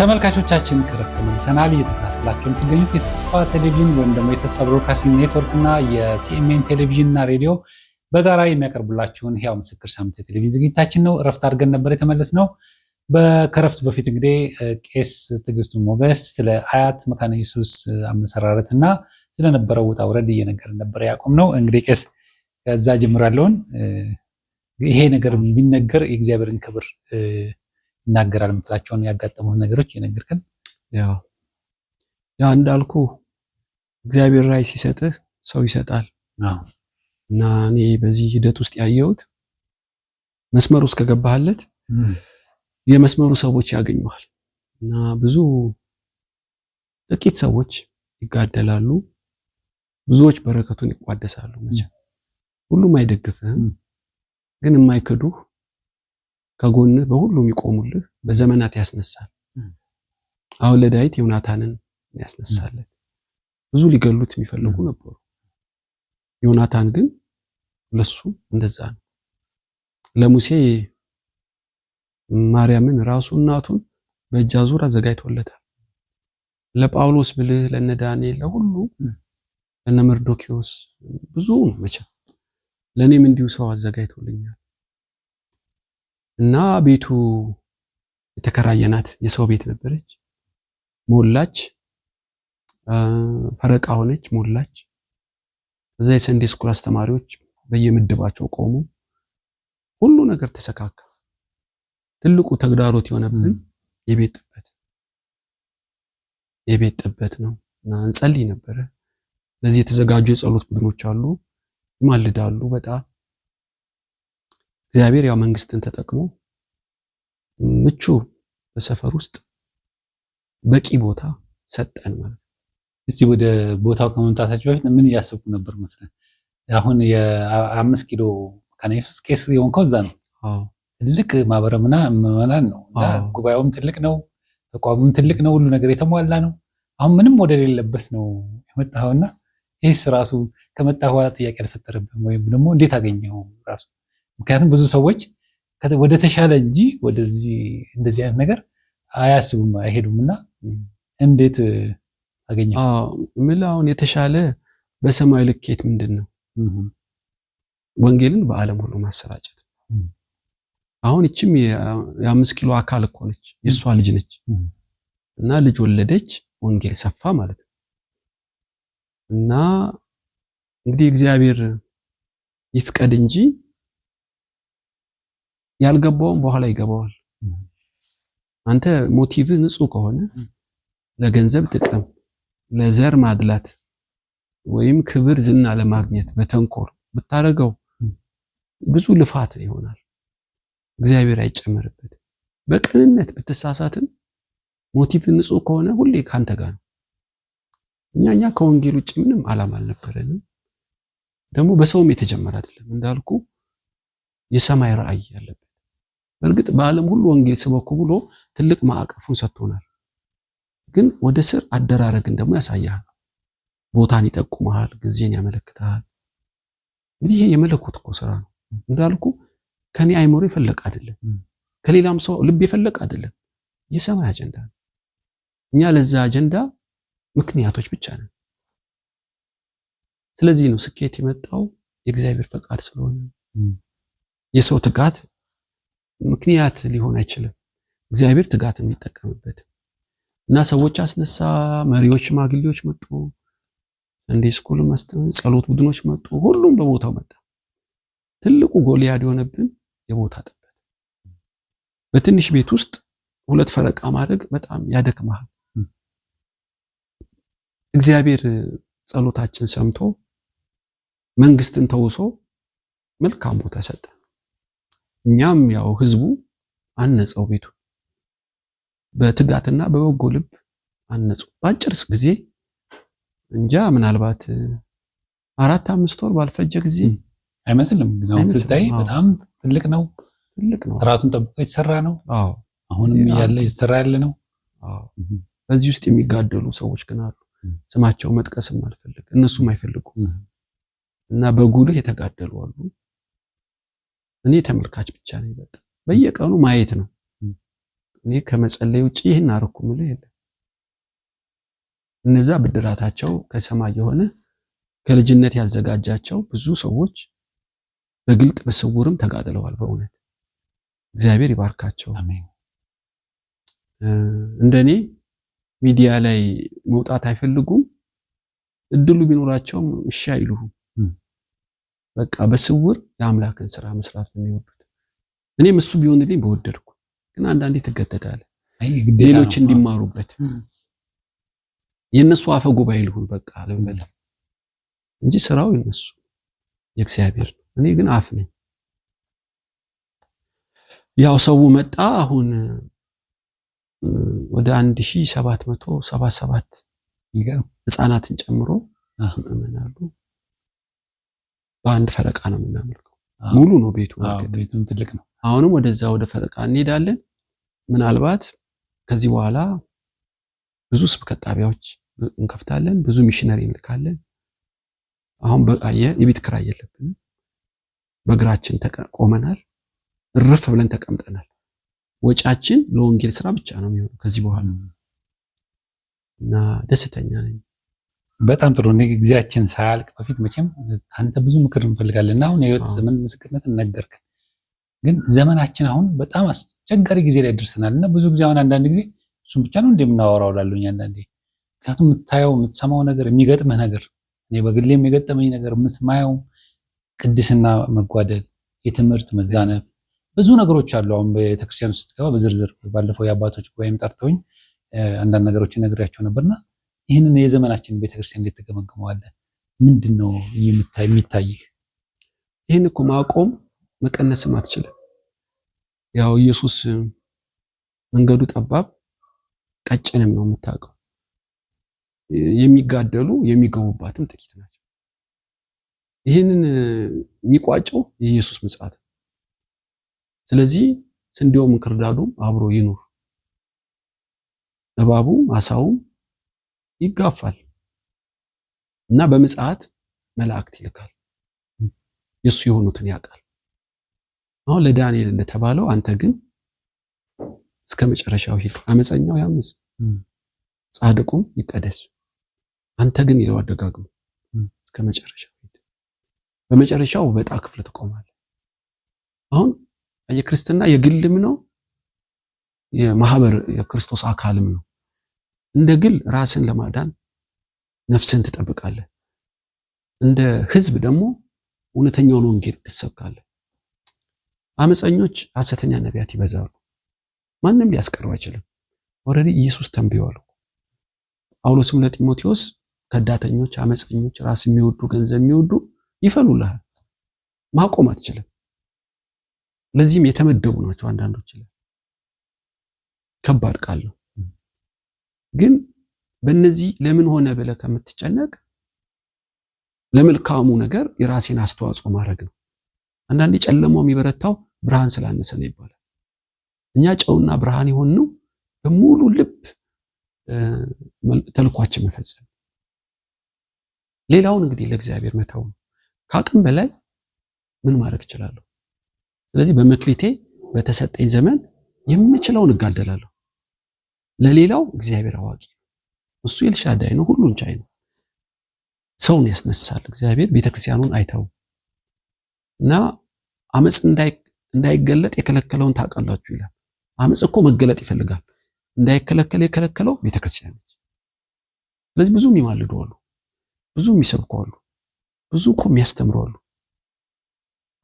ተመልካቾቻችን ከረፍት ተመልሰናል እየተከታተላችሁ የምትገኙት የተስፋ ቴሌቪዥን ወይም ደግሞ የተስፋ ብሮድካስቲንግ ኔትወርክ እና የሲኤምኤን ቴሌቪዥን እና ሬዲዮ በጋራ የሚያቀርቡላችሁን ህያው ምስክር ሳምንት የቴሌቪዥን ዝግጅታችን ነው። እረፍት አድርገን ነበር የተመለስ ነው። ከረፍት በፊት እንግዲህ ቄስ ትዕግስቱ ሞገስ ስለ አያት መካነ ኢየሱስ አመሰራረት እና ስለነበረው ውጣ ውረድ እየነገር ነበር ያቆም ነው። እንግዲህ ቄስ ከዛ ጀምራለውን ይሄ ነገር ቢነገር የእግዚአብሔርን ክብር ይናገራል የምትላቸውን ያጋጠሙት ነገሮች የነገርከን። ያው እንዳልኩ እግዚአብሔር ራይ ሲሰጥህ ሰው ይሰጣል እና እኔ በዚህ ሂደት ውስጥ ያየሁት መስመር ውስጥ ከገባህለት የመስመሩ ሰዎች ያገኘዋል እና ብዙ ጥቂት ሰዎች ይጋደላሉ፣ ብዙዎች በረከቱን ይቋደሳሉ። ሁሉም አይደግፍህም፣ ግን የማይክዱህ ከጎንህ በሁሉ የሚቆሙልህ በዘመናት ያስነሳል። አሁን ለዳዊት ዮናታንን ያስነሳለት ብዙ ሊገሉት የሚፈልጉ ነበሩ። ዮናታን ግን ለሱ እንደዛ ነው። ለሙሴ ማርያምን ራሱ እናቱን በእጅ አዙር አዘጋጅቶለታል። ለጳውሎስ ብልህ ለነ ዳንኤል ለሁሉ ለነ መርዶኪዎስ ብዙ መቼም ለእኔም እንዲሁ ሰው አዘጋጅቶልኛል። እና ቤቱ የተከራየናት የሰው ቤት ነበረች። ሞላች፣ ፈረቃ ሆነች፣ ሞላች። እዛ የሰንዴ ስኩል አስተማሪዎች በየምድባቸው ቆሙ። ሁሉ ነገር ተሰካካ። ትልቁ ተግዳሮት የሆነብን የቤት ጥበት የቤት ጥበት ነው እና እንጸልይ ነበረ። ለዚህ የተዘጋጁ የጸሎት ቡድኖች አሉ፣ ይማልዳሉ በጣም እግዚአብሔር ያው መንግስትን ተጠቅሞ ምቹ በሰፈር ውስጥ በቂ ቦታ ሰጠን ማለት ነው። እስቲ ወደ ቦታው ከመምጣታቸው በፊት ምን እያሰብኩ ነበር መስለን አሁን የአምስት ኪሎ ከነኢየሱስ ቄስ የሆንከው እዛ ነው። ትልቅ ማህበረ ምዕመናን ነው። ጉባኤውም ትልቅ ነው፣ ተቋሙም ትልቅ ነው። ሁሉ ነገር የተሟላ ነው። አሁን ምንም ወደ ሌለበት ነው የመጣኸውና ይህስ ራሱ ከመጣ በኋላ ጥያቄ አልፈጠረብህም ወይም ደግሞ እንዴት አገኘው ራሱ? ምክንያቱም ብዙ ሰዎች ወደ ተሻለ እንጂ ወደዚህ እንደዚህ አይነት ነገር አያስቡም አይሄዱም። እና እንዴት አገኘ ምል አሁን የተሻለ በሰማይ ልኬት ምንድን ነው? ወንጌልን በዓለም ሁሉ ማሰራጨት። አሁን እችም የአምስት ኪሎ አካል እኮ ነች፣ የእሷ ልጅ ነች። እና ልጅ ወለደች፣ ወንጌል ሰፋ ማለት ነው። እና እንግዲህ እግዚአብሔር ይፍቀድ እንጂ ያልገባውም በኋላ ይገባዋል። አንተ ሞቲቭ ንጹህ ከሆነ ለገንዘብ ጥቅም፣ ለዘር ማድላት ወይም ክብር ዝና ለማግኘት በተንኮል ብታደርገው ብዙ ልፋት ይሆናል። እግዚአብሔር አይጨመርበት። በቅንነት ብትሳሳትም ሞቲቭ ንጹህ ከሆነ ሁሌ ካንተ ጋር ነው። እኛ እኛ ከወንጌል ውጭ ምንም ዓላማ አልነበረንም። ደግሞ በሰውም የተጀመረ አይደለም እንዳልኩ የሰማይ ራእይ ያለብን በእርግጥ በዓለም ሁሉ ወንጌል ስበኩ ብሎ ትልቅ ማዕቀፉን ሰጥቶናል። ግን ወደ ስር አደራረግን ደግሞ ያሳያል። ቦታን ይጠቁመሃል፣ ጊዜን ያመለክታል። እንግዲህ ይሄ የመለኮት እኮ ስራ ነው። እንዳልኩ ከኔ አይምሮ የፈለቅ አይደለም፣ ከሌላም ሰው ልብ የፈለቅ አይደለም። የሰማይ አጀንዳ ነው። እኛ ለዛ አጀንዳ ምክንያቶች ብቻ ነን። ስለዚህ ነው ስኬት የመጣው የእግዚአብሔር ፈቃድ ስለሆነ የሰው ትጋት ምክንያት ሊሆን አይችልም። እግዚአብሔር ትጋት የሚጠቀምበት እና ሰዎች አስነሳ፣ መሪዎች፣ ሽማግሌዎች መጡ፣ ሰንዴ ስኩል ጸሎት ቡድኖች መጡ፣ ሁሉም በቦታው መጣ። ትልቁ ጎልያድ የሆነብን የቦታ ጥበት። በትንሽ ቤት ውስጥ ሁለት ፈረቃ ማድረግ በጣም ያደክመሃል። እግዚአብሔር ጸሎታችን ሰምቶ መንግስትን ተውሶ መልካም ቦታ ሰጠ። እኛም ያው ህዝቡ አነጸው ቤቱ በትጋትና በበጎ ልብ አነጹ። በአጭርስ ጊዜ እንጃ ምናልባት አራት አምስት ወር ባልፈጀ ጊዜ አይመስልም። ስታይ በጣም ትልቅ ነው፣ ትልቅ ነው። ስርዓቱን ጠብቆ የተሰራ ነው። አዎ አሁንም ያለ የተሰራ ያለ ነው። አዎ በዚህ ውስጥ የሚጋደሉ ሰዎች ግን አሉ። ስማቸው መጥቀስም አልፈልግ፣ እነሱም አይፈልጉም እና በጉልህ የተጋደሉ አሉ። እኔ ተመልካች ብቻ ነኝ። በቃ በየቀኑ ማየት ነው። እኔ ከመጸለይ ውጭ ይህን አረኩ ምለ የለም። እነዛ ብድራታቸው ከሰማይ የሆነ ከልጅነት ያዘጋጃቸው ብዙ ሰዎች በግልጥ በስውርም ተጋድለዋል። በእውነት እግዚአብሔር ይባርካቸው። እንደኔ ሚዲያ ላይ መውጣት አይፈልጉም። እድሉ ቢኖራቸውም እሺ አይሉሁም። በቃ በስውር የአምላክን ስራ መስራት ነው የሚወዱት። እኔም እሱ ቢሆንልኝ በወደድኩ፣ ግን አንዳንዴ ትገደዳለህ ሌሎች እንዲማሩበት የእነሱ አፈ ጉባኤ ልሁን በቃ ልበለ እንጂ ስራው የነሱ የእግዚአብሔር ነው። እኔ ግን አፍ ነኝ። ያው ሰው መጣ። አሁን ወደ ሰባት ህጻናትን ጨምሮ ምእመናሉ በአንድ ፈረቃ ነው የምናመልከው። ሙሉ ነው ቤቱ። ትልቅ ነው። አሁንም ወደዛ ወደ ፈረቃ እንሄዳለን። ምናልባት ከዚህ በኋላ ብዙ ስብከት ጣቢያዎች እንከፍታለን። ብዙ ሚሽነሪ እንልካለን። አሁን በቃየ የቤት ክራይ የለብንም። በእግራችን ቆመናል። እርፍ ብለን ተቀምጠናል። ወጫችን ለወንጌል ስራ ብቻ ነው የሚሆነው ከዚህ በኋላ እና ደስተኛ ነኝ። በጣም ጥሩ እኔ ጊዜያችን ሳያልቅ በፊት መቼም አንተ ብዙ ምክር እንፈልጋለን እና አሁን የህይወት ዘመን ምስክርነት እንነገርከን ግን ዘመናችን አሁን በጣም አስቸጋሪ ጊዜ ላይ ደርሰናል እና ብዙ ጊዜ አሁን አንዳንድ ጊዜ እሱም ብቻ ነው እንደምናወራው ላለኝ አንዳንዴ ምክንያቱም የምታየው የምትሰማው ነገር የሚገጥምህ ነገር እኔ በግሌ የሚገጠመኝ ነገር የምትማየው ቅድስና መጓደል፣ የትምህርት መዛነ ብዙ ነገሮች አሉ። አሁን ቤተክርስቲያን ውስጥ ስትገባ በዝርዝር ባለፈው የአባቶች ጉባኤም ጠርተውኝ አንዳንድ ነገሮችን ነግሬያቸው ነበርና ይህንን የዘመናችን ቤተክርስቲያን እንዴት ትገመግመዋለህ? ምንድን ነው የሚታይህ? ይህን እኮ ማቆም መቀነስም አትችልም። ያው ኢየሱስ መንገዱ ጠባብ ቀጭንም ነው የምታውቀው። የሚጋደሉ የሚገቡባትም ጥቂት ናቸው። ይህንን የሚቋጨው የኢየሱስ ምጽአት ነው። ስለዚህ ስንዴውም እንክርዳዱም አብሮ ይኑር፣ እባቡም አሳውም ይጋፋል እና በምጽአት መላእክት ይልካል። የእሱ የሆኑትን ያውቃል። አሁን ለዳንኤል እንደተባለው አንተ ግን እስከ መጨረሻው ሂድ፣ አመፀኛው ያምፅ፣ ጻድቁም ይቀደስ። አንተ ግን ይለው አደጋግሞ እስከ መጨረሻው ሂድ። በመጨረሻው በጣ ክፍል ትቆማለህ። አሁን የክርስትና የግልም ነው የማህበር የክርስቶስ አካልም ነው። እንደ ግል ራስን ለማዳን ነፍስን ትጠብቃለህ። እንደ ህዝብ ደግሞ እውነተኛውን ወንጌል ትሰብካለህ። አመፀኞች፣ ሐሰተኛ ነቢያት ይበዛሉ። ማንም ሊያስቀረው አይችልም። ኦልሬዲ ኢየሱስ ተንብዮአል። ጳውሎስም ለጢሞቴዎስ ከዳተኞች፣ አመፀኞች፣ ራስ የሚወዱ ገንዘብ የሚወዱ ይፈሉልሃል። ማቆም አትችልም። ለዚህም የተመደቡ ናቸው። አንዳንዶች ላይ ከባድ ቃል ነው። ግን በእነዚህ ለምን ሆነ ብለ ከምትጨነቅ ለመልካሙ ነገር የራሴን አስተዋጽኦ ማድረግ ነው። አንዳንዴ ጨለማው የሚበረታው ብርሃን ስላነሰ ነው ይባላል። እኛ ጨውና ብርሃን የሆንነው በሙሉ ልብ ተልኳችን መፈጸም፣ ሌላውን እንግዲህ ለእግዚአብሔር መተው ነው። ከአቅም በላይ ምን ማድረግ እችላለሁ? ስለዚህ በመክሊቴ በተሰጠኝ ዘመን የምችለውን እጋደላለሁ። ለሌላው እግዚአብሔር አዋቂ እሱ ኤልሻዳይ ነው፣ ሁሉን ቻይ ነው። ሰውን ያስነሳል እግዚአብሔር። ቤተክርስቲያኑን አይተው እና አመፅ እንዳይገለጥ የከለከለውን ታውቃላችሁ ይላል። አመፅ እኮ መገለጥ ይፈልጋል። እንዳይከለከል የከለከለው ቤተክርስቲያን ነች። ስለዚህ ብዙ የሚማልዱ አሉ፣ ብዙ የሚሰብኩ አሉ፣ ብዙ እኮ የሚያስተምሩ አሉ።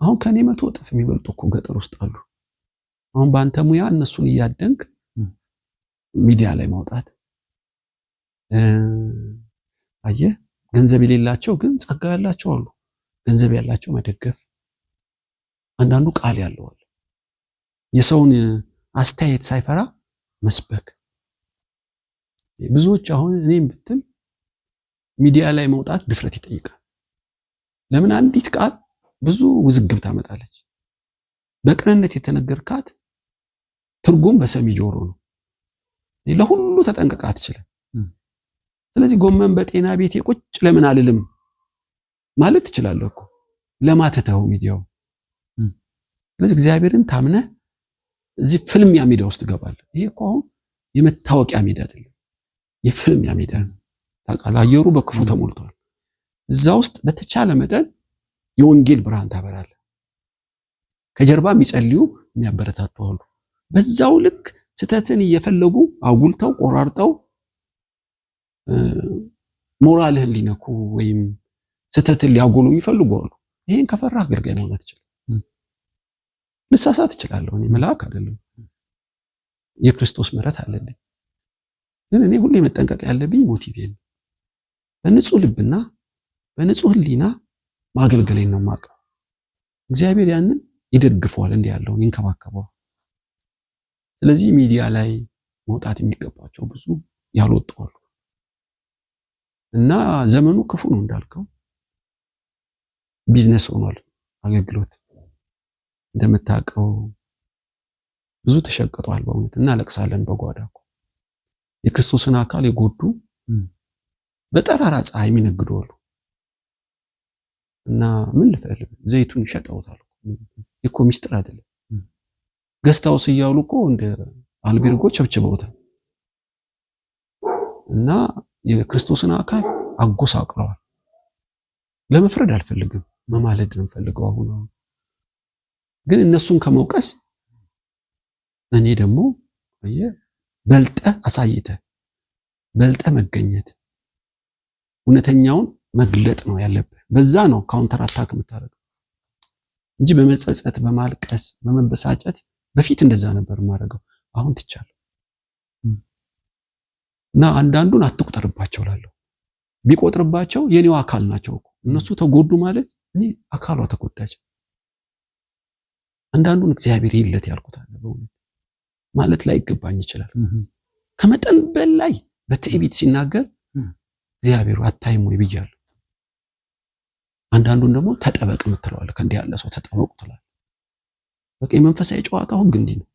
አሁን ከኔ መቶ እጥፍ የሚበልጡ እኮ ገጠር ውስጥ አሉ። አሁን በአንተ ሙያ እነሱን እያደንክ ሚዲያ ላይ ማውጣት አየ ገንዘብ የሌላቸው ግን ጸጋ ያላቸው አሉ። ገንዘብ ያላቸው መደገፍ፣ አንዳንዱ ቃል አለ። የሰውን አስተያየት ሳይፈራ መስበክ። ብዙዎች አሁን እኔም ብትል ሚዲያ ላይ መውጣት ድፍረት ይጠይቃል። ለምን? አንዲት ቃል ብዙ ውዝግብ ታመጣለች። በቅንነት የተነገርካት ትርጉም በሰሚ ጆሮ ነው። ለሁሉ ተጠንቅቃ አትችልም። ስለዚህ ጎመን በጤና ቤቴ ቁጭ ለምን አልልም ማለት ትችላለህ እኮ ለማተተው ሚዲያው። ስለዚህ እግዚአብሔርን ታምነህ እዚህ ፍልሚያ ሜዳ ውስጥ ገባል። ይሄ እኮ አሁን የመታወቂያ ሜዳ አይደለም፣ የፍልሚያ ሜዳ ነው። ታውቃለህ፣ አየሩ በክፉ ተሞልቷል። እዛ ውስጥ በተቻለ መጠን የወንጌል ብርሃን ታበራለህ። ከጀርባ የሚጸልዩ የሚያበረታቱ አሉ። በዛው ልክ ስተትን እየፈለጉ አጉልተው ቆራርጠው ሞራልህን ሊነኩ ወይም ስተትን ሊያጎሉ የሚፈልጉ አሉ። ይሄን ከፈራህ አገልጋይ መሆን አትችልም። ልሳሳት እችላለሁ፣ እኔ መልአክ አይደለም፣ የክርስቶስ ምሕረት አለልኝ። ግን እኔ ሁሌ መጠንቀቅ ያለብኝ ሞቲቬን በንጹህ ልብና በንጹህ ሕሊና ማገልገሌን ነው የማውቀው። እግዚአብሔር ያንን ይደግፈዋል፣ እንዲህ ያለውን ይንከባከበዋል። ስለዚህ ሚዲያ ላይ መውጣት የሚገባቸው ብዙ ያልወጡ አሉ እና ዘመኑ ክፉ ነው እንዳልከው ቢዝነስ ሆኗል። አገልግሎት እንደምታውቀው ብዙ ተሸቅጧል። በእውነት እናለቅሳለን በጓዳ የክርስቶስን አካል የጎዱ በጠራራ ፀሐይ የሚነግዱ አሉ እና ምን ልፈልግ ዘይቱን ይሸጠውታል። እኮ ሚስጥር አይደለም። ገስታውስ እያሉ እኮ እንደ አልቤርጎ ቸብችበውታል እና የክርስቶስን አካል አጎሳቅለዋል። ለመፍረድ አልፈልግም፣ መማለድ ነው ፈልገው። አሁን ግን እነሱን ከመውቀስ እኔ ደግሞ በልጠ አሳይተ በልጠ መገኘት እውነተኛውን መግለጥ ነው ያለብህ። በዛ ነው ካውንተር አታክ የምታደርገው እንጂ በመጸጸት በማልቀስ በመበሳጨት በፊት እንደዛ ነበር ማድረገው፣ አሁን ትቻለሁ። እና አንዳንዱን አትቁጠርባቸው ላለሁ ቢቆጥርባቸው የኔው አካል ናቸው እኮ እነሱ ተጎዱ ማለት እኔ አካሏ ተጎዳች። አንዳንዱን እግዚአብሔር ይለት ያልኩታል በእውነት ማለት ላይ ይገባኝ ይችላል። ከመጠን በላይ በትዕቢት ሲናገር እግዚአብሔር አታይም ወይ ብያለሁ። አንዳንዱን ደግሞ ተጠበቅ ምትለዋለህ። ከእንዲህ ያለ ሰው ተጠበቁ ትላለህ። በቃ የመንፈሳዊ ጨዋታ ሁሉ እንዲህ ነው።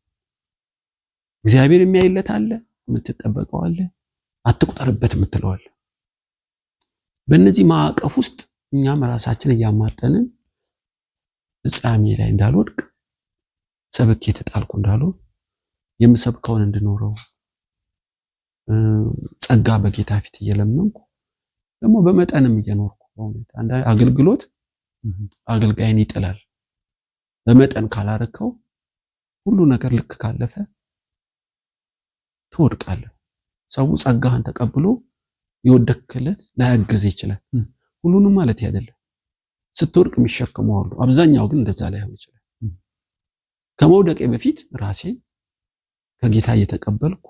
እግዚአብሔር የሚያይለት አለ፣ የምትጠበቀው አለ፣ አትቁጠርበት የምትለው አለ። በእነዚህ ማዕቀፍ ውስጥ እኛም ራሳችን እያማጠንን ፍጻሜ ላይ እንዳልወድቅ ሰብክ የተጣልኩ እንዳሉ የምሰብከውን እንድኖረው ጸጋ በጌታ ፊት እየለመንኩ ደግሞ በመጠንም እየኖርኩ በእውነት አንዳንድ አገልግሎት አገልጋይን ይጥላል። በመጠን ካላረከው ሁሉ ነገር ልክ ካለፈ ትወድቃለህ። ሰው ጸጋህን ተቀብሎ የወደክለት ላያግዝ ይችላል። ሁሉንም ማለት አይደለም። ስትወድቅ የሚሸከመው አሉ። አብዛኛው ግን እንደዛ ላይሆን ይችላል። ከመውደቄ በፊት ራሴን ከጌታ እየተቀበልኩ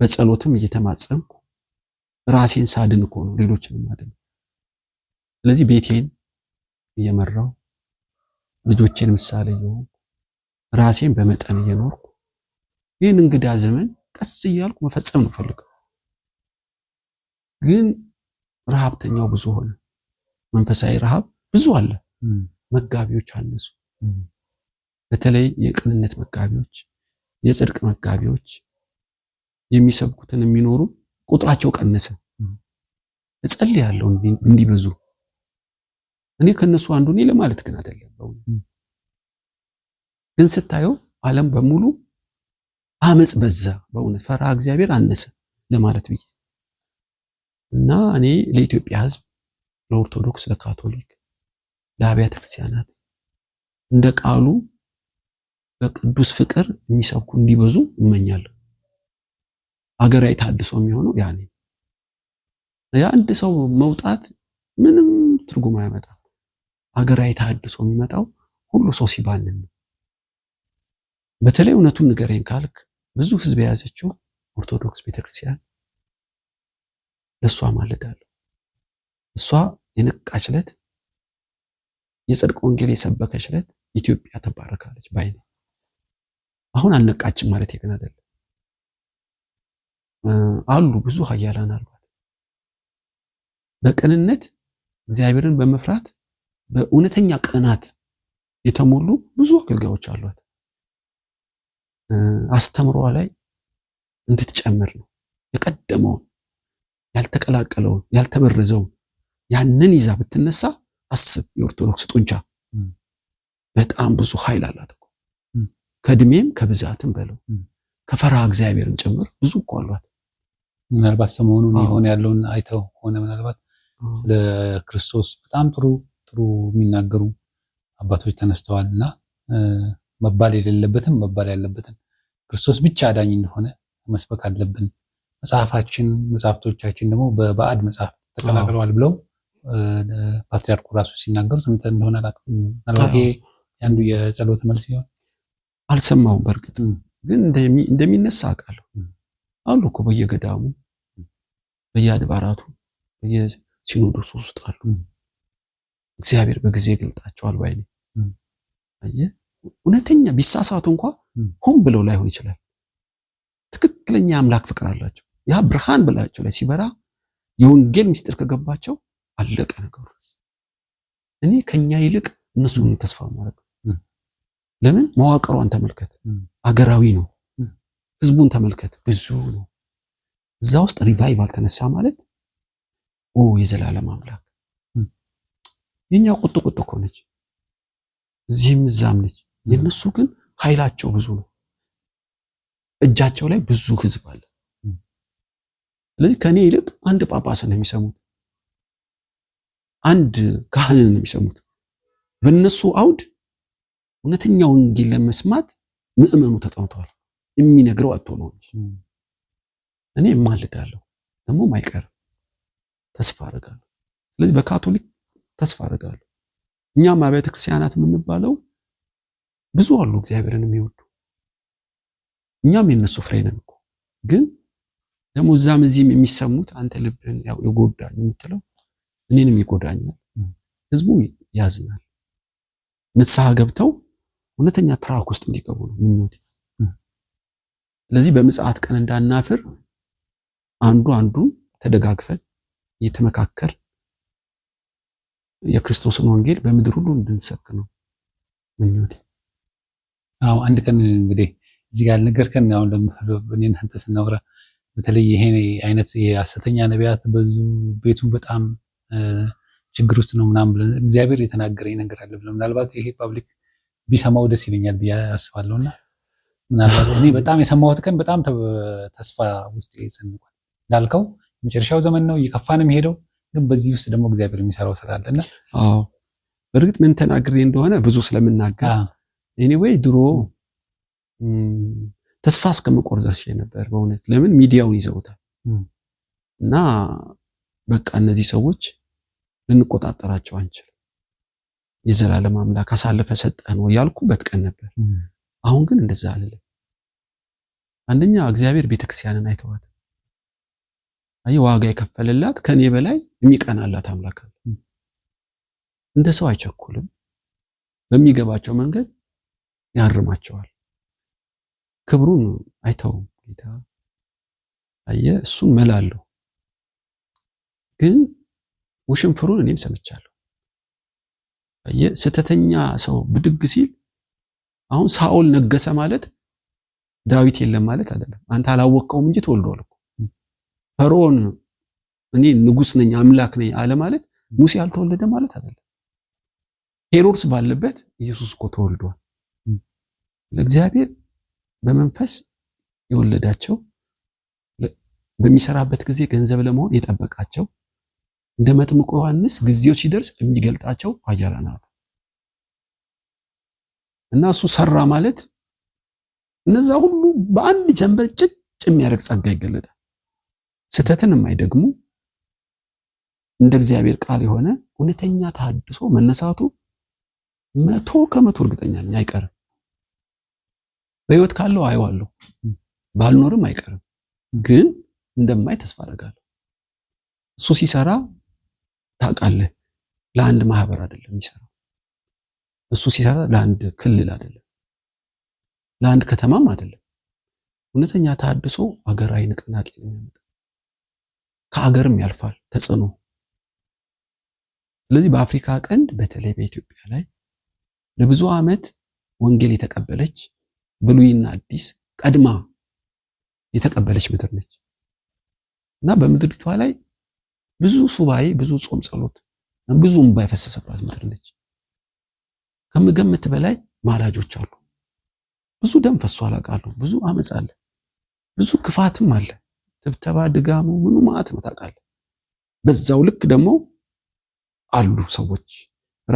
በጸሎትም እየተማጸንኩ ራሴን ሳድን እኮ ነው ሌሎችንም አድን። ስለዚህ ቤቴን እየመራው ልጆቼን ምሳሌ እየሆንኩ ራሴን በመጠን እየኖርኩ ይህን እንግዳ ዘመን ቀስ እያልኩ መፈጸም ነው ፈልገው። ግን ረሃብተኛው ብዙ ሆነ። መንፈሳዊ ረሃብ ብዙ አለ። መጋቢዎች አነሱ። በተለይ የቅንነት መጋቢዎች፣ የጽድቅ መጋቢዎች የሚሰብኩትን የሚኖሩ ቁጥራቸው ቀነሰ። እጸልያለሁ እንዲበዙ እኔ ከነሱ አንዱ ነኝ ለማለት ግን አይደለም። ግን ስታየው ዓለም በሙሉ አመጽ በዛ፣ በእውነት ፈርሃ እግዚአብሔር አነሰ ለማለት ብዬ እና እኔ ለኢትዮጵያ ሕዝብ ለኦርቶዶክስ፣ ለካቶሊክ፣ ለአብያተ ክርስቲያናት እንደ ቃሉ በቅዱስ ፍቅር የሚሰብኩ እንዲበዙ እመኛለሁ። አገራዊ ታድሶ የሚሆነው ያኔ የአንድ ሰው መውጣት ምንም ትርጉም አያመጣም። አገራዊ ተሃድሶ የሚመጣው ሁሉ ሰው ሲባልን ነው። በተለይ እውነቱን ንገረኝ ካልክ ብዙ ህዝብ የያዘችው ኦርቶዶክስ ቤተክርስቲያን ለእሷ ማለዳለሁ። እሷ የነቃች ዕለት የጽድቅ ወንጌል የሰበከች ዕለት ኢትዮጵያ ተባረካለች ባይ ነው። አሁን አልነቃችም ማለት ግን አይደለም። አሉ ብዙ ሀያላን አሏት። በቅንነት እግዚአብሔርን በመፍራት በእውነተኛ ቅናት የተሞሉ ብዙ አገልጋዮች አሏት። አስተምሯ ላይ እንድትጨምር ነው። የቀደመውን ያልተቀላቀለውን ያልተበረዘውን ያንን ይዛ ብትነሳ አስብ። የኦርቶዶክስ ጡንቻ በጣም ብዙ ኃይል አላት ከእድሜም ከብዛትም በለው ከፈራ እግዚአብሔርም ጭምር ብዙ እኮ አሏት። ምናልባት ሰሞኑን የሆነ ያለውን አይተው ሆነ ምናልባት ስለ ክርስቶስ በጣም ጥሩ ጥሩ የሚናገሩ አባቶች ተነስተዋል እና መባል የሌለበትም መባል ያለበትም ክርስቶስ ብቻ አዳኝ እንደሆነ መስበክ አለብን። መጽሐፋችን መጽሐፍቶቻችን ደግሞ በባዕድ መጽሐፍ ተቀላቅለዋል ብለው ፓትሪያርኩ ራሱ ሲናገሩ ሰምተህ እንደሆነ አላውቅም። አንዱ የጸሎት መልስ ሲሆን አልሰማውም። በእርግጥ ግን እንደሚነሳ አውቃለሁ። አሉ እኮ በየገዳሙ በየአድባራቱ በየሲኖዶስ ውስጥ አሉ። እግዚአብሔር በጊዜ ይገልጣቸዋል ባይ ነኝ። አየህ እውነተኛ ቢሳሳቱ እንኳ ሆን ብለው ላይሆን ይችላል። ትክክለኛ የአምላክ ፍቅር አላቸው። ያ ብርሃን በላያቸው ላይ ሲበራ የወንጌል ምስጢር ከገባቸው አለቀ ነገሩ። እኔ ከኛ ይልቅ እነሱን ተስፋ ማድረግ ለምን መዋቅሯን ተመልከት፣ አገራዊ ነው። ህዝቡን ተመልከት፣ ብዙ ነው። እዛ ውስጥ ሪቫይቫል ተነሳ ማለት ኦ የዘላለም አምላክ የኛ ቁጡ ቁጡ ነች፣ እዚህም እዛም ነች። የነሱ ግን ኃይላቸው ብዙ ነው። እጃቸው ላይ ብዙ ህዝብ አለ። ስለዚህ ከኔ ይልቅ አንድ ጳጳስ ነው የሚሰሙት፣ አንድ ካህን ነው የሚሰሙት። በእነሱ አውድ እውነተኛ ወንጌል ለመስማት ምእመኑ ተጠምቷል። የሚነግረው አቶ ነው እንጂ እኔ እማልዳለሁ፣ ደግሞ አይቀርም ተስፋ አደርጋለሁ። ስለዚህ በካቶሊክ ተስፋ አደርጋለሁ። እኛም አብያተ ክርስቲያናት የምንባለው ብዙ አሉ እግዚአብሔርን የሚወዱ እኛም የነሱ ፍሬ ነን እኮ ግን ደግሞ እዛም እዚህም የሚሰሙት አንተ ልብህን ያው ይጎዳኝ የምትለው እኔንም ይጎዳኛል። ህዝቡ ያዝናል። ንስሐ ገብተው እውነተኛ ትራክ ውስጥ እንዲገቡ ነው ምኞቴ። ስለዚህ በምጽአት ቀን እንዳናፍር አንዱ አንዱ ተደጋግፈን እየተመካከር የክርስቶስን ወንጌል በምድር ሁሉ እንድንሰብክ ነው ምኞቴ። አዎ አንድ ቀን እንግዲህ እዚህ ጋር ያልነገርከን አሁን ለምን እናንተ ስናወራ በተለይ ይሄ አይነት የሐሰተኛ ነቢያት ብዙ ቤቱ በጣም ችግር ውስጥ ነው ምናምን ብለን እግዚአብሔር የተናገረኝ ነገር አለ ብለን ምናልባት ይሄ ፓብሊክ ቢሰማው ደስ ይለኛል ብዬ አስባለሁና ምናልባት እኔ በጣም የሰማሁት ቀን በጣም ተስፋ ውስጥ ሰንቋል። እንዳልከው መጨረሻው ዘመን ነው እየከፋ ነው የሚሄደው ግን በዚህ ውስጥ ደግሞ እግዚአብሔር የሚሰራው ስራ አለና አዎ በእርግጥ ምን ተናግሬ እንደሆነ ብዙ ስለምናገር ኤኒዌይ ድሮ ተስፋ እስከመቆር ደርሼ ነበር። በእውነት ለምን ሚዲያውን ይዘውታል እና በቃ እነዚህ ሰዎች ልንቆጣጠራቸው አንችልም፣ የዘላለም አምላክ አሳልፈ ሰጠህ ነው እያልኩ ቀን ነበር። አሁን ግን እንደዛ አይደለም። አንደኛ እግዚአብሔር ቤተክርስቲያንን አይተዋት አይ ዋጋ የከፈለላት ከኔ በላይ የሚቀናላት አምላክ አለ። እንደ ሰው አይቸኩልም። በሚገባቸው መንገድ ያርማቸዋል። ክብሩን አይተውም ጌታ። አየ እሱ መላለሁ ግን ውሽንፍሩን እኔም ሰምቻለሁ። አየ ስተተኛ ሰው ብድግ ሲል አሁን ሳኦል ነገሰ ማለት ዳዊት የለም ማለት አይደለም። አንተ አላወቀውም እንጂ ተወልዷል። ፈርዖን እኔ ንጉስ ነኝ አምላክ ነኝ አለ ማለት ሙሴ አልተወለደ ማለት አይደለም። ሄሮድስ ባለበት ኢየሱስ እኮ ተወልዷል። ለእግዚአብሔር በመንፈስ የወለዳቸው በሚሰራበት ጊዜ ገንዘብ ለመሆን የጠበቃቸው እንደ መጥምቁ ዮሐንስ ጊዜዎች ሲደርስ የሚገልጣቸው ሀያላን አሉ እና እሱ ሰራ ማለት እነዛ ሁሉ በአንድ ጀንበር ጭጭ የሚያደርግ ጸጋ ይገለጣል። ስህተትን የማይደግሙ እንደ እግዚአብሔር ቃል የሆነ እውነተኛ ተሐድሶ መነሳቱ መቶ ከመቶ እርግጠኛ ነኝ አይቀርም። በህይወት ካለው አየዋለሁ፣ ባልኖርም አይቀርም ግን እንደማይ ተስፋ አደርጋለሁ። እሱ ሲሰራ ታውቃለህ፣ ለአንድ ማህበር አይደለም የሚሰራው። እሱ ሲሰራ ለአንድ ክልል አይደለም፣ ለአንድ ከተማም አይደለም። እውነተኛ ተሐድሶ አገራዊ ንቅናቄ ነው ከሀገርም ያልፋል ተጽዕኖ። ስለዚህ በአፍሪካ ቀንድ በተለይ በኢትዮጵያ ላይ ለብዙ ዓመት ወንጌል የተቀበለች ብሉይና አዲስ ቀድማ የተቀበለች ምድር ነች እና በምድሪቷ ላይ ብዙ ሱባኤ፣ ብዙ ጾም፣ ጸሎት፣ ብዙ እምባ የፈሰሰባት ምድር ነች። ከምገምት በላይ ማላጆች አሉ። ብዙ ደም ፈሷል አውቃለሁ። ብዙ አመፅ አለ። ብዙ ክፋትም አለ። ትብተባ፣ ድጋሙ፣ ምኑ ማዕት ነው ታውቃለህ። በዛው ልክ ደግሞ አሉ ሰዎች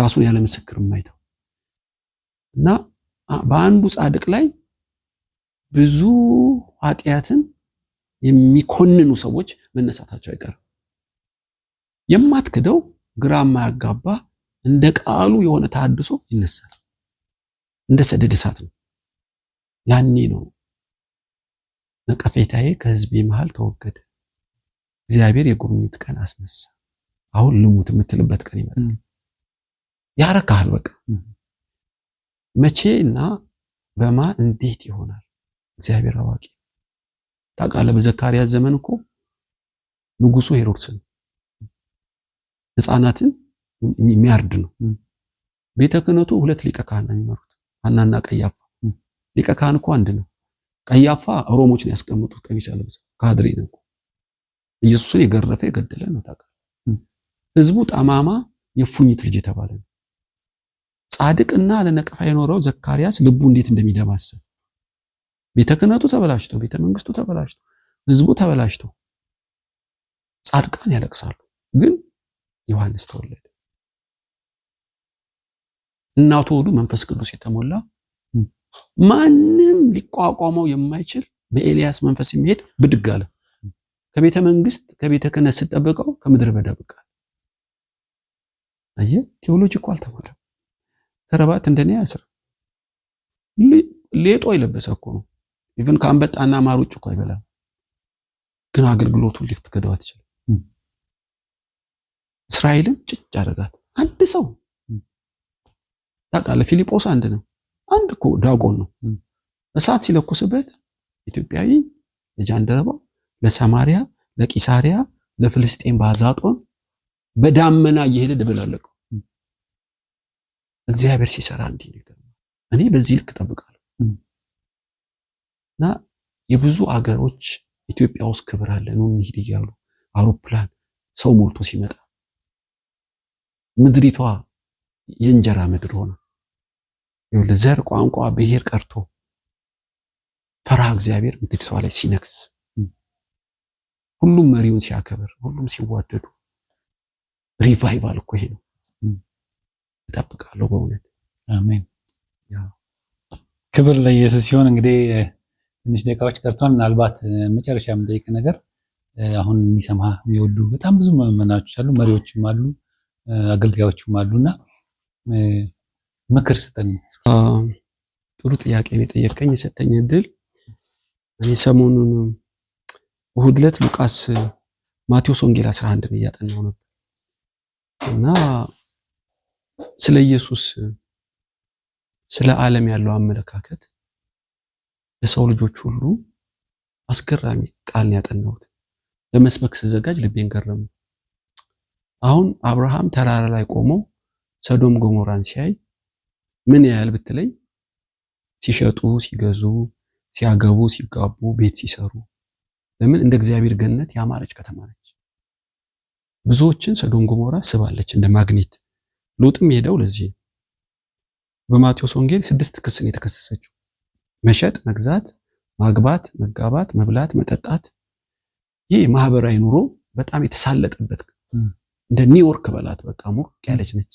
ራሱን ያለ ምስክር የማይተው እና በአንዱ ጻድቅ ላይ ብዙ ኃጢአትን የሚኮንኑ ሰዎች መነሳታቸው አይቀርም። የማትክደው ግራ የማያጋባ እንደ ቃሉ የሆነ ታድሶ ይነሳል። እንደ ሰደድ እሳት ነው። ያኔ ነው ነቀፌታዬ ከህዝቤ መሃል ተወገደ። እግዚአብሔር የጉብኝት ቀን አስነሳ። አሁን ልሙት የምትልበት ቀን ይመጣል። ያረካህል በቃ መቼ እና በማ እንዴት ይሆናል እግዚአብሔር አዋቂ ታውቃለህ። በዘካርያስ ዘመን እኮ ንጉሱ ሄሮድስ ነው። ህፃናትን የሚያርድ ነው። ቤተ ክህነቱ ሁለት ሊቀ ካህን ነው የሚመሩት፣ ሐናና ቀያፋ። ሊቀ ካህን እኮ አንድ ነው። ቀያፋ ሮሞችን ያስቀምጡት ቀሚስ አለበሰ ካድሬ ነው። ኢየሱስን የገረፈ የገደለ ነው። ታውቃለህ፣ ህዝቡ ጠማማ የፉኝት ልጅ የተባለ ነው። ጻድቅና ለነቀፋ የኖረው ዘካርያስ ልቡ እንዴት እንደሚደማሰ ቤተ ክህነቱ ተበላሽቶ፣ ቤተ መንግስቱ ተበላሽቶ፣ ህዝቡ ተበላሽቶ፣ ጻድቃን ያለቅሳሉ። ግን ዮሐንስ ተወለደ። እናቱ ወዱ መንፈስ ቅዱስ የተሞላ ማንም ሊቋቋመው የማይችል በኤልያስ መንፈስ የሚሄድ ብድግ አለ። ከቤተ መንግስት ከቤተ ክህነት ስጠበቀው ከምድረ በዳ ብቅ አለ። አየህ፣ ቴዎሎጂ እኮ አልተማረም። ከረባት እንደኔ ያስራ ሌጦ የለበሰ እኮ ነው። ኢቨን ከአንበጣና ማር ውጭ እኮ አይበላም። ግን አገልግሎቱ ልትገደው አትችልም። እስራኤልን ጭጭ አደረጋት። አንድ ሰው ታውቃለህ፣ ፊልጶስ አንድ ነው። አንድ እኮ ዳጎን ነው። እሳት ሲለኩስበት ኢትዮጵያዊ ለጃንደረባው፣ ለሰማሪያ፣ ለቂሳሪያ፣ ለፍልስጤን ባዛጦን በዳመና እየሄደ ደበላለቀው። እግዚአብሔር ሲሰራ እንዲህ ነገር እኔ በዚህ ልክ እጠብቃለሁ። እና የብዙ አገሮች ኢትዮጵያ ውስጥ ክብር አለ ነው እንሂድ እያሉ አውሮፕላን ሰው ሞልቶ ሲመጣ ምድሪቷ የእንጀራ ምድር ሆና ዘር፣ ቋንቋ፣ ብሔር ቀርቶ ፈርሃ እግዚአብሔር ምድር ሰው ላይ ሲነግስ ሁሉም መሪውን ሲያከብር ሁሉም ሲዋደዱ ሪቫይቫል እኮ ይሄ ነው። እጠብቃለሁ በእውነት አሜን። ክብር ለኢየሱስ ሲሆን እንግዲህ ትንሽ ደቂቃዎች ቀርቷል። ምናልባት መጨረሻ የምንጠይቅ ነገር አሁን የሚሰማ የሚወዱ በጣም ብዙ መመናዎች አሉ፣ መሪዎችም አሉ፣ አገልጋዮችም አሉና ምክር ስጠኝ። ጥሩ ጥያቄ ነው የጠየቀኝ የሰጠኝ እድል። እኔ ሰሞኑን እሁድ ዕለት ሉቃስ፣ ማቴዎስ ወንጌል 11ን እያጠናው ነበር እና ስለ ኢየሱስ ስለ ዓለም ያለው አመለካከት ለሰው ልጆች ሁሉ አስገራሚ ቃልን ያጠናሁት ለመስበክ ስዘጋጅ ልቤን ገረሙ። አሁን አብርሃም ተራራ ላይ ቆሞ ሰዶም ገሞራን ሲያይ ምን ያህል ብትለኝ ሲሸጡ፣ ሲገዙ፣ ሲያገቡ፣ ሲጋቡ፣ ቤት ሲሰሩ ለምን እንደ እግዚአብሔር ገነት ያማረች ከተማ ነች። ብዙዎችን ሰዶም ጎሞራ ስባለች እንደ ማግኔት። ሎጥም ሄደው ለዚህ በማቴዎስ ወንጌል ስድስት ክስ የተከሰሰችው። መሸጥ፣ መግዛት፣ ማግባት፣ መጋባት፣ መብላት፣ መጠጣት ይህ ማህበራዊ ኑሮ በጣም የተሳለጠበት እንደ ኒውዮርክ በላት በቃ ሞቅ ያለች ነች።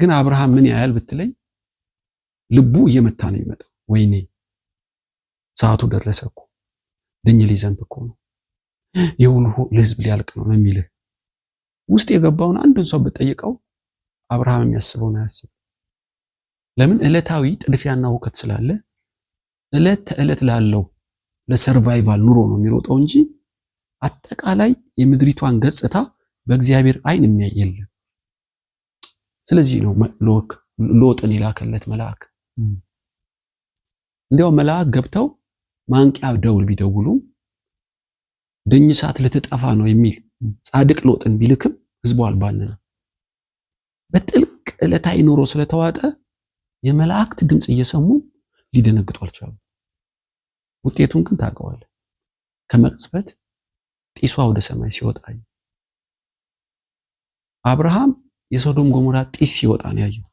ግን አብርሃም ምን ያህል ብትለኝ ልቡ እየመታ ነው የሚመጣው። ወይኔ ሰዓቱ ደረሰ እኮ ድኝ ሊዘንብ እኮ ነው፣ የውልሁ ለህዝብ ሊያልቅ ነው የሚልህ ውስጥ የገባውን አንዱን ሰው ብጠይቀው አብርሃም የሚያስበውን አያስብ። ለምን እለታዊ ጥድፊያና ውከት ስላለ እለት ተዕለት ላለው ለሰርቫይቫል ኑሮ ነው የሚሮጠው እንጂ አጠቃላይ የምድሪቷን ገጽታ በእግዚአብሔር ዓይን የሚያይ የለም። ስለዚህ ነው ሎጥን የላከለት መልአክ። እንዲያው መልአክ ገብተው ማንቂያ ደውል ቢደውሉም ደኝ ሰዓት ልትጠፋ ነው የሚል ጻድቅ ሎጥን ቢልክም ህዝቡ አልባነነም። በጥልቅ ዕለታዊ ኑሮ ስለተዋጠ የመላእክት ድምፅ እየሰሙ ሊደነግጡ አልቻሉ። ውጤቱን ግን ታውቀዋለህ። ከመቅጽበት ጢሷ ወደ ሰማይ ሲወጣ አብርሃም የሶዶም ገሞራ ጢስ ሲወጣ ነው ያየው።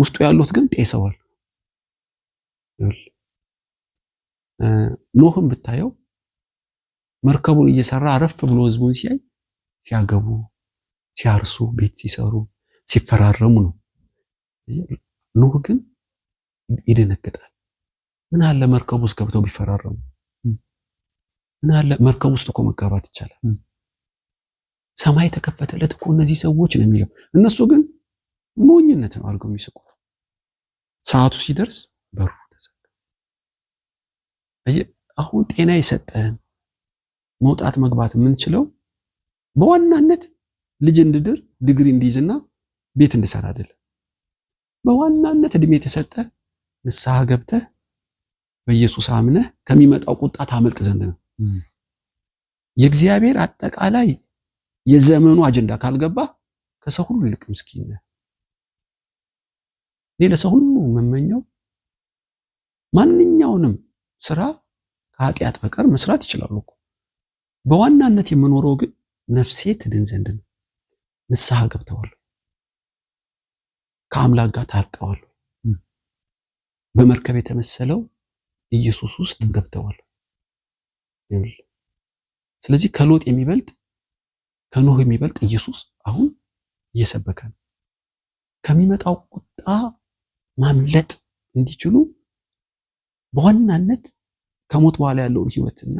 ውስጡ ያሉት ግን ጤሰዋል። ኖህም ብታየው መርከቡን እየሰራ አረፍ ብሎ ህዝቡን ሲያይ ሲያገቡ፣ ሲያርሱ፣ ቤት ሲሰሩ፣ ሲፈራረሙ ነው። ኖህ ግን ይደነግጣል። ምን አለ መርከቡ ውስጥ ገብተው ቢፈራረሙ? ምን አለ መርከቡ ውስጥ እኮ መጋባት ይቻላል። ሰማይ ተከፈተለት እኮ እነዚህ ሰዎች ነው የሚለው። እነሱ ግን ሞኝነት ነው አድርገው የሚስቁ ሰዓቱ ሲደርስ በሩ ተዘጋ። አሁን ጤና የሰጠህን መውጣት መግባት የምንችለው በዋናነት ልጅ እንድድር ዲግሪ እንዲይዝና ቤት እንድሰራ አይደለም። በዋናነት እድሜ የተሰጠ ንስሐ ገብተህ በኢየሱስ አምነህ ከሚመጣው ቁጣ ታመልጥ ዘንድ ነው። የእግዚአብሔር አጠቃላይ የዘመኑ አጀንዳ ካልገባ ከሰው ሁሉ ይልቅ ምስኪን ነህ። እኔ ለሰው ሁሉ መመኘው ማንኛውንም ስራ ከኃጢአት በቀር መስራት ይችላሉ። በዋናነት የምኖረው ግን ነፍሴ ትድን ዘንድ ነው። ንስሐ ገብተዋል፣ ከአምላክ ጋር ታርቀዋል፣ በመርከብ የተመሰለው ኢየሱስ ውስጥ ገብተዋል። ስለዚህ ከሎጥ የሚበልጥ ከኖህ የሚበልጥ ኢየሱስ አሁን እየሰበከ ነው። ከሚመጣው ቁጣ ማምለጥ እንዲችሉ በዋናነት ከሞት በኋላ ያለውን ህይወትና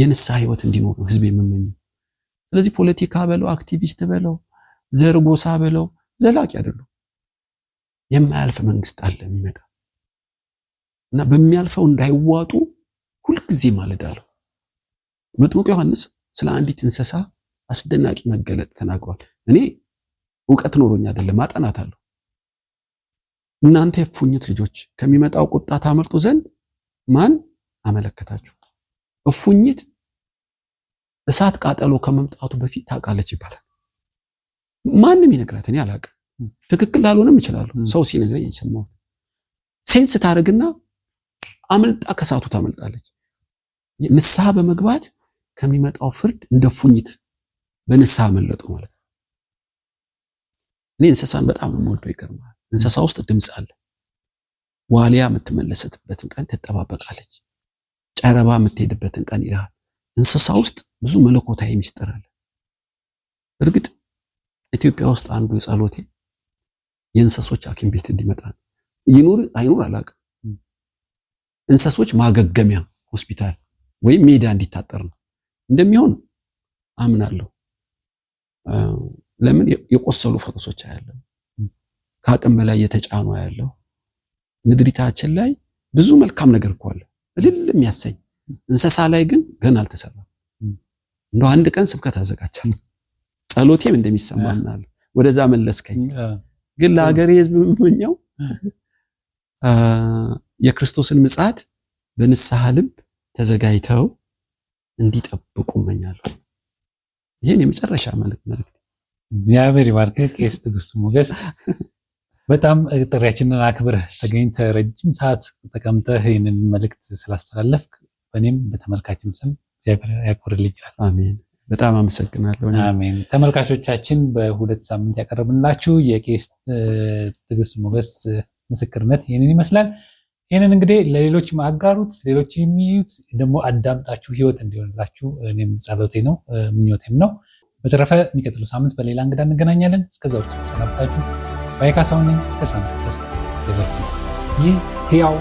የንስሐ ህይወት እንዲኖር ነው ህዝብ የምመኘው። ስለዚህ ፖለቲካ በለው፣ አክቲቪስት በለው፣ ዘር ጎሳ በለው ዘላቂ አይደሉም። የማያልፍ መንግስት አለ የሚመጣ እና በሚያልፈው እንዳይዋጡ ሁልጊዜ ማለዳለሁ። መጥምቁ ዮሐንስ ስለ አንዲት እንስሳ አስደናቂ መገለጥ ተናግሯል። እኔ እውቀት ኖሮኝ አይደለም ማጠናት አለሁ። እናንተ የእፉኝት ልጆች ከሚመጣው ቁጣ ታመልጡ ዘንድ ማን አመለከታችሁ? እፉኝት እሳት ቃጠሎ ከመምጣቱ በፊት ታውቃለች ይባላል። ማንም ይነግራት እኔ አላውቅም። ትክክል ላልሆንም ይችላሉ። ሰው ሲነግረኝ የሰማሁት ሴንስ ታደርግና አምልጣ ከሳቱ ታመልጣለች። ንስሐ በመግባት ከሚመጣው ፍርድ እንደ እፉኝት በንስሐ መለጡ ማለት ነው። እኔ እንስሳን በጣም ነው የምወደው። ይገርማል። እንስሳ ውስጥ ድምፅ አለ። ዋሊያ የምትመለሰትበትን ቀን ትጠባበቃለች። ጨረባ የምትሄድበትን ቀን ይላል። እንስሳ ውስጥ ብዙ መለኮታዊ ሚስጥር አለ። እርግጥ ኢትዮጵያ ውስጥ አንዱ ጸሎቴ የእንስሶች ሐኪም ቤት እንዲመጣ ይኑር አይኑር አላውቅም። እንስሶች ማገገሚያ ሆስፒታል ወይም ሜዳ እንዲታጠር ነው እንደሚሆን አምናለሁ። ለምን የቆሰሉ ፈረሶች አያለሁ፣ ከአቅም በላይ የተጫኑ አያለሁ። ምድሪታችን ላይ ብዙ መልካም ነገር እኮ አለ እልል የሚያሰኝ እንስሳ ላይ ግን ገና አልተሰራም። እንደ አንድ ቀን ስብከት አዘጋጃለሁ፣ ጸሎቴም እንደሚሰማና አለ። ወደዛ መለስከኝ። ግን ለሀገሬ ህዝብ የምመኘው የክርስቶስን ምጽአት በንስሐ ልብ ተዘጋጅተው እንዲጠብቁ እመኛለሁ። ይህን የመጨረሻ መልክ መልክ እግዚአብሔር ይባርክ። ቄስ ትዕግስቱ ሞገስ በጣም ጥሪያችንን አክብረህ ተገኝተህ ረጅም ሰዓት ተቀምጠህ ይህንን መልእክት ስላስተላለፍክ በእኔም በተመልካችም ስም እግዚአብሔር ያክብርልኝ ይላል። አሜን። በጣም አመሰግናለሁ። አሜን። ተመልካቾቻችን በሁለት ሳምንት ያቀረብንላችሁ የቄስ ትዕግስቱ ሞገስ ምስክርነት ይህንን ይመስላል። ይህንን እንግዲህ ለሌሎች ማጋሩት፣ ሌሎች የሚዩት ደግሞ አዳምጣችሁ ህይወት እንዲሆንላችሁ እኔም ጸሎቴ ነው ምኞቴም ነው። በተረፈ የሚቀጥሉ ሳምንት በሌላ እንግዳ እንገናኛለን። እስከዛው ሰናብታችሁ ጽባይ ካሳሁን እስከ ሳምንት ድረስ ይህ ህያው